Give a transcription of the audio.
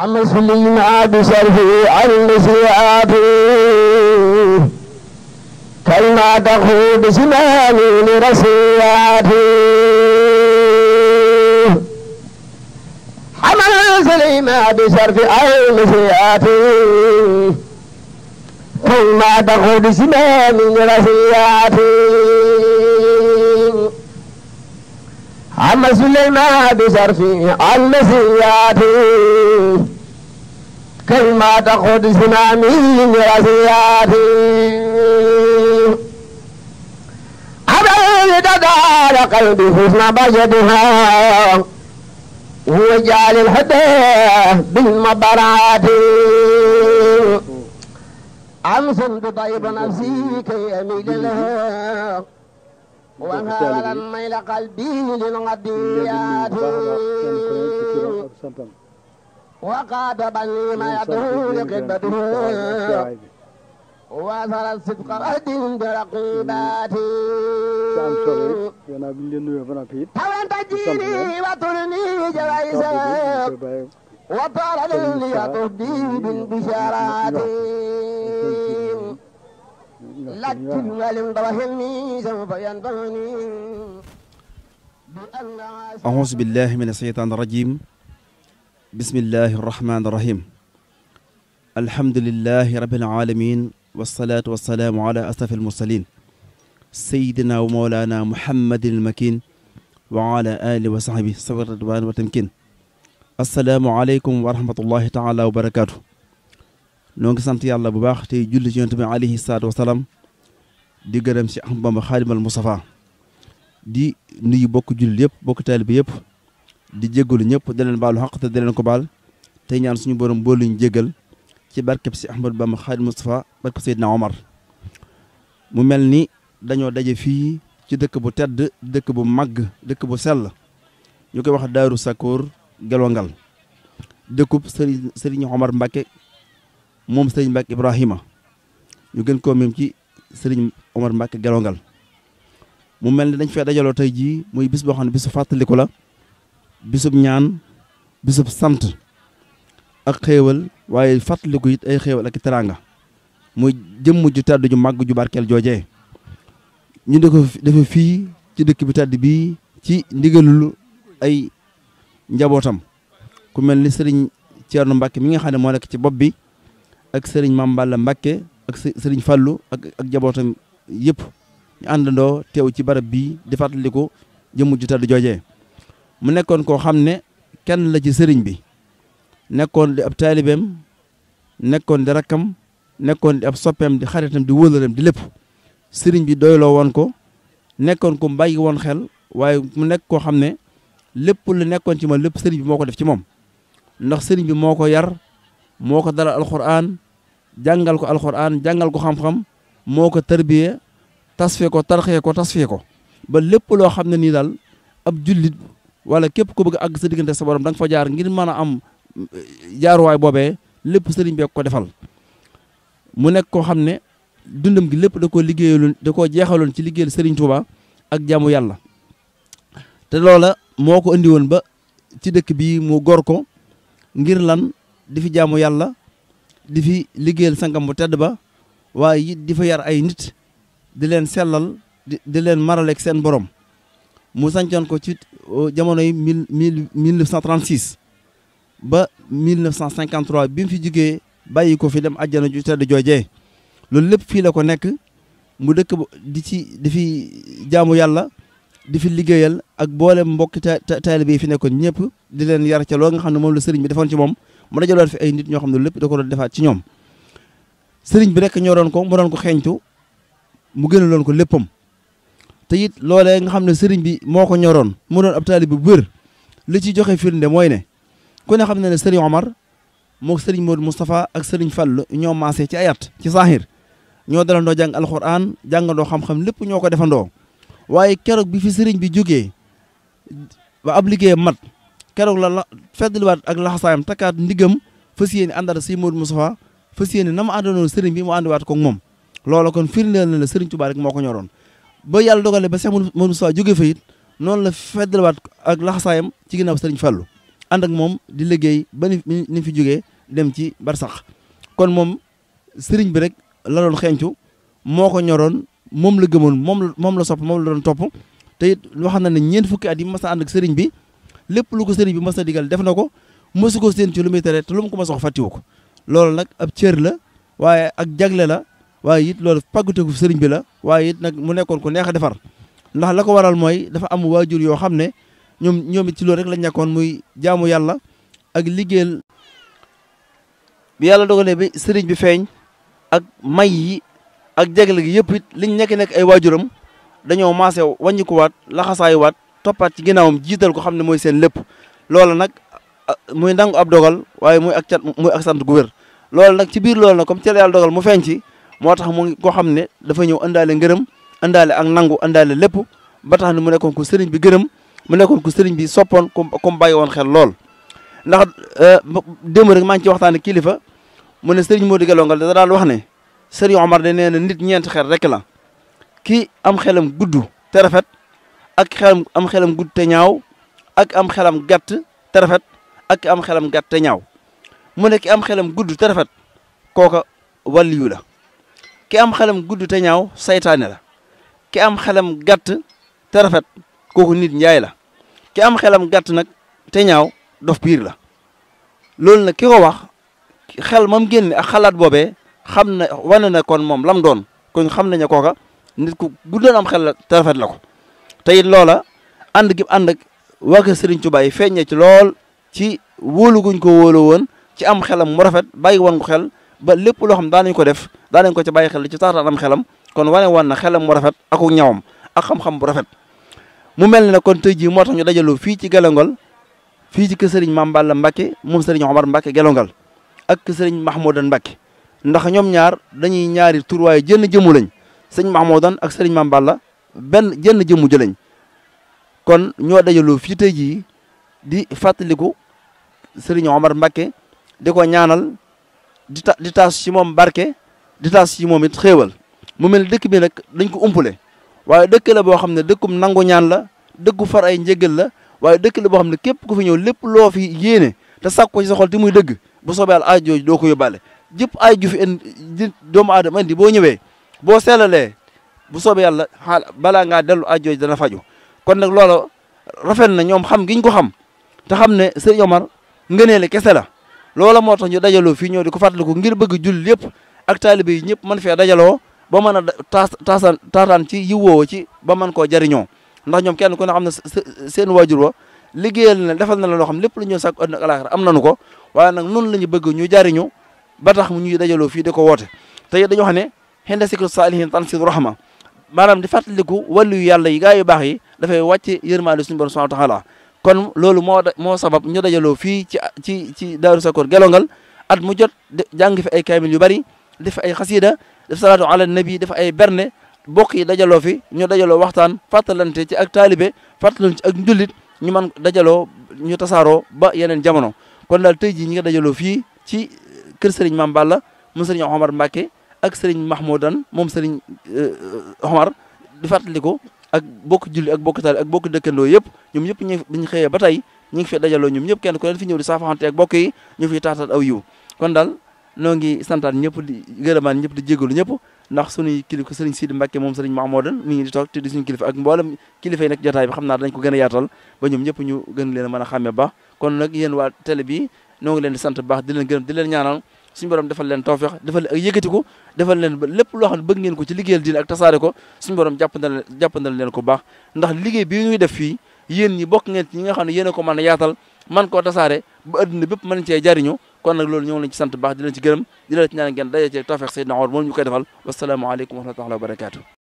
عما سلينا بشرفه عن نسياته كلنا تخو بشمالي لرسياته حمل سليما بشرف عن نسياته كلنا تخو بشمالي لرسياته عم سليمان بصرفي المسياتي كلمة تخد سنامي رسياتي أبعد تدار قلبي حسن بجدها هو جعل الهدى بالمبرات أمس بطيب نفسي كي أميل لها وما لم يلقى البين للغديات وقاد بني ما يدعو لقبته وأثر الصدق رهد برقيباتي فلن تجيني وترني جوائزك وطال لي تهدي بالبشارات لكن ولم برهم ميزا فينبغني أعوذ بالله من الشيطان الرجيم بسم الله الرحمن الرحيم الحمد لله رب العالمين والصلاة والسلام على أسف المرسلين سيدنا ومولانا محمد المكين وعلى آله وصحبه صبر الرضوان والتمكين السلام عليكم ورحمة الله تعالى وبركاته noo ngi sant yàlla bu baax tey julli ci yonent bi alayhi di gërëm si Ahmadu Bamba xaadimal Mustafaa di nuyu bokk jullit yëpp bokk taalibe yëpp di jéggalu ñëpp da leen baalu xaq te da ko baal tey ñaan suñu borom boolu ñu jéggal ci barkeb si Ahmadu Bamba xaadimal Mustafaa barkeb Seydina Omar mu mel ni dañoo daje fii ci dëkk bu tedd dëkk bu màgg dëkk bu sell ñu koy wax Daaru sakoor Gelongal dëkkub Serigne Omar Mbacke moom sëriñ Mbacke Ibrahima ñu gën koo mim ci sëriñ Omar Mbacke Gelongal mu mel ni dañ fee dajaloo tey jii muy bis boo xam ne bisu fàttaliku la bisub ñaan bisub sant ak xéewal waaye fàttaliku it ay xéewal ak teraanga muy jëm ju tàdd ju màgg ju barkeel joojee ñu di ko defe fii ci dëkk bi tàdd bii ci ndigalul ay njabootam ku mel ni sëriñ Thierno Mbacke mi nga xam ne moo nekk ci bopp bi ak sëriñ Mame Balla mbakke ak sëriñ Fallou ak ak jabootam yépp ñu àndandoo teew ci barab bii di fàttaliku jëmm ju tedd joojee mu nekkoon koo xam ne kenn la ci sëriñ bi nekkoon di ab taalibeem nekkoon di rakkam nekkoon di ab soppeem di xaritam di wóolareem di lépp sëriñ bi doyloo woon ko nekkoon ku bàyyi woon xel waaye mu nekk koo xam ne lépp lu nekkoon ci moom lépp sëriñ bi moo ko def ci moom ndax sëriñ bi moo ko yar moo ko dalal alxuraan jàngal ko alxuraan jàngal ko xam-xam moo ko tërbiye tasfee ko tarxee ko tasfee ko ba lépp loo xam ne nii daal ab jullit wala képp ku bëgg àgg sa diggante sa borom da nga fa jaar ngir man a am eh, jaaruwaay boobee lépp sëriñ bee ko defal mu nekk koo xam ne dundam gi lépp da koo liggéeyaloon da koo jeexaloon ci liggéeyal sëriñ Touba ak jaamu yàlla te loola moo ko indi woon ba ci dëkk bi mu gor ko ngir lan di fi jaamu yàlla di fi liggéeyal sangam bu tedd ba waaye it di fa yar ay nit di leen sellal di leen maraleeg seen borom mu sancoon ko ci jamono yi mille mille mille neuf cent trente six ba mille neuf cent cinquante trois bi fi jugee bàyyi ko fi dem àjjana ju tedd joojee loolu lépp fii la ko nekk mu dëkk di ci di fi jaamu yàlla di fi liggéeyal ak boole mbokki taalibe yi fi nekkoon ñëpp di leen yar ca loo nga xam ne moom la sëriñ bi defoon ci moom mu dajaloon fi ay nit ñoo xam ne lépp da ko doon defaat ci ñoom sëriñ bi rek ñoo doon ko mu doon ko xeeñtu mu loon ko léppam te it loolee nga xam ne sëriñ bi moo ko ñoroon mu doon ab taalib bu bër li ci joxe firnde mooy ne ku ne xam ne ne sëriñ Omar moo sëriñ Modou Moustapha ak sëriñ Fall ñoo maasee ci ayat ci saaxir ñoo dalandoo jàng alxuraan jàngandoo xam-xam lépp ñoo ko defandoo waaye keroog bi fi sëriñ bi jógee ba ab liggéey mat keroog la la feddliwaat ak laxasaayam takkaat ndigam fas yéene àndaat si Modou Moustapha fas yéene na ma àndoonoon sëriñ bi mu àndiwaat ko moom loola kon firndeel na la sëriñ Tuubaa rek moo ko ñoroon ba yàlla dogale ba Seex Modou Moustapha jóge fa it noonu la feddliwaat ak laxasaayam ci ginnaaw sëriñ Fallou ànd ak moom di liggéey ba ni ni fi jógee dem ci bar sax kon moom sëriñ bi rek la doon xeeñcu moo ko ñoroon moom la gëmoon moom moom la sopp moom la doon topp te it wax na ne ñeent fukki at yi masa ak sëriñ bi lépp lu ko sëriñ bi mas na digal def na ko mosu ko seen ci lu muy tere te lu mu ko mas wax fàttiwu ko loolu nag ab cër la waaye ak jagle la waaye it loolu pàgguteeku sëriñ bi la waaye it nag mu nekkoon ko neex a defar ndax la ko waral mooy dafa am waajur yoo xam ne ñoom ñoom it ci loolu rek la ñàkkoon muy jaamu yàlla ak liggéeyal bi yàlla dogalee bi sëriñ bi feeñ ak may yi ak jagle gi yëpp it liñ nekk nekk ay waajuram dañoo maase wàññikuwaat laxasaayuwaat toppaat ci ginnaawam jiital ko xam ne mooy seen lépp loolu nag ah, muy nangu ab dogal waaye muy ak cat muy ak sant gu loolu nag ci biir loolu nag comme ci la dogal mu feeñ ci moo tax mu ko xam ne dafa ñëw indaale ngërëm indaale ak nangu indaale lépp ba tax ne mu nekkoon ko sëriñ bi gërëm mu nekkoon ko seriñ bi soppoon comme comme bàyyi woon xel lool ndax eh, démb rek maa ngi ci waxtaane kilifa mu ne moo Modou Gelongal da daan wax ne sëriñ Omar de nee na nit ñeenti xel rek la ki am xelam gudd te rafet ak xelam am xelam gudd te ñaaw ak am xelam gàtt te rafet ak am xelam gàtt te ñaaw mu ne ki am xelam gudd te rafet kooka waliyu la ki am xelam gudd te ñaaw saytaane la ki am xelam gàtt te rafet kooku nit njaay la ki am xelam gàtt nag te ñaaw dof piir la loolu nag ki ko wax xel mam génne ak xalaat boobee xam na wane na kon moom lam doon kon xam nañu kooka nit ku guddoon am xel la te rafet la ko te it loola ànd gi ànd ak waa kër Serigne Touba yi feeñee ci lool ci wóolu ko wóolu woon ci am xelam mu rafet bàyyi woon ko xel ba lépp loo xam daanañ ko def daanañ ko ci bàyyi xel ci taataan am xelam kon wane woon na xelam mu rafet ak ñawam ak xam-xam bu rafet. mu mel ne kon tey jii moo tax ñu dajaloo fii ci Gelongal fii ci kër Serigne Mame Balla Mbacke moom Serigne Omar Mbacke Gelongal ak kër Serigne Mahmoudan Mbacke ndax ñoom ñaar dañuy ñaari tur waaye jënn jëmu lañ sëñ Mahmoudan ak Serigne Mame benn jenn jëmmu jëlañ kon ñoo dajaloo fii tey jii di fàttaliku sëriñ Omar Mbakke di ko ñaanal di ta di taas ci moom barke di taas ci moom it xéewal mu mel dëkk bi nag dañ ko umpule waaye dëkk la boo xam ne dëkkum nangu ñaan la dëkku far ay njëgal la waaye dëkk la boo xam ne képp ku fi ñëw lépp loo fi yéene te sàkko ci sa xol muy dëgg bu soobee al aaj jooju doo ko yóbbaale jëpp aaj ju fi indi doomu aadama indi boo ñëwee boo seelalee bu soobee yàlla xaal balaa ngaa dellu ajjooji dana faju kon nag loola rafet na ñoom xam giñ ko xam te xam ne sëriñ Omar ngëneele kese la loola moo tax ñu dajaloo fii ñëw di ko fàttaliku ngir bëgg jul yëpp ak taalibe yi ñëpp mën fee dajaloo ba mën a taas taasan taataan ci yiwoo ci ba mën koo ñoo ndax ñoom kenn ku ne xam ne seen waajur wa liggéeyal na defal na la loo xam lépp lu ñu sàkk àdduna ak alaaxira am nañu ko waaye nag noonu la ñu bëgg ñu jariñu ba tax mu ñuy dajaloo fii de ko woote te it dañoo xam ne xinda sikru saalihin tansidu rahma maanaam di fàttaliku wàllu yàlla yi gaa yu baax yi dafay wàcc yërmaande suñu borom subhanahu wa taala kon loolu moo moo sabab ñu dajaloo fii ci ci ci Daaru Sakor Gelongal at mu jot jàng fi ay kaamil yu bari def ay xasiida def salaatu ala nabi def ay berne bokk yi dajaloo fi ñoo dajaloo waxtaan fàttalante ci ak taalibe fàttalante ci ak njullit ñu man dajaloo ñu tasaaroo ba yeneen jamono kon daal tey jii ñi dajaloo fii ci kër Serigne Mame Balla mu Serigne Omar Mbacke ak sëriñ Mahmoudan moom sëriñ euh, euh, Omar di ko ak bokk julli ak bokk taal ak bokk dëkkandoo yëpp ñoom ñëpp ñu dañu xëyee ba tey ñu ngi fi dajaloo ñoom ñëpp kenn ku leen fi ñëw di saafaxante bokk yi ñu fi daal noo ngi santaat ñëpp di gërëmaan ñëpp di jégalu ñëpp ndax suñuy kilifa sëriñ Sidi Mbacke moom sëriñ Mahmoudan mi ngi di toog te di suñu kilifa ak mboolem kilifa yi nag jotaay bi xam naa dañ ko gën a yaatal ba ñoom ñëpp ñu gën leen a mën a xàmme ba kon nag yéen waa télé bi noo ngi leen di sant baax di leen gërëm di leen ñaanal suñu borom defal leen tawfeex defal leen ak lépp loo xam ne bëgg ngeen ko ci liggéeyal diine ak tasaare ko suñu borom jàppandal leen ko baax ndax liggéey bi ñuy def fii yéen ñi bokk ngeen ci ñi nga xam ne yéen ko mën a yaatal man koo tasaare ba adduna bépp mën cee jariñu kon nag loolu ñoo ngi leen ci sant baax di leen ci gërëm di ci ñaan ngeen daje ci tawfeex Seydina Omar moom ñu defal wasalaamaaleykum wa rahmatullahi wa barakaatu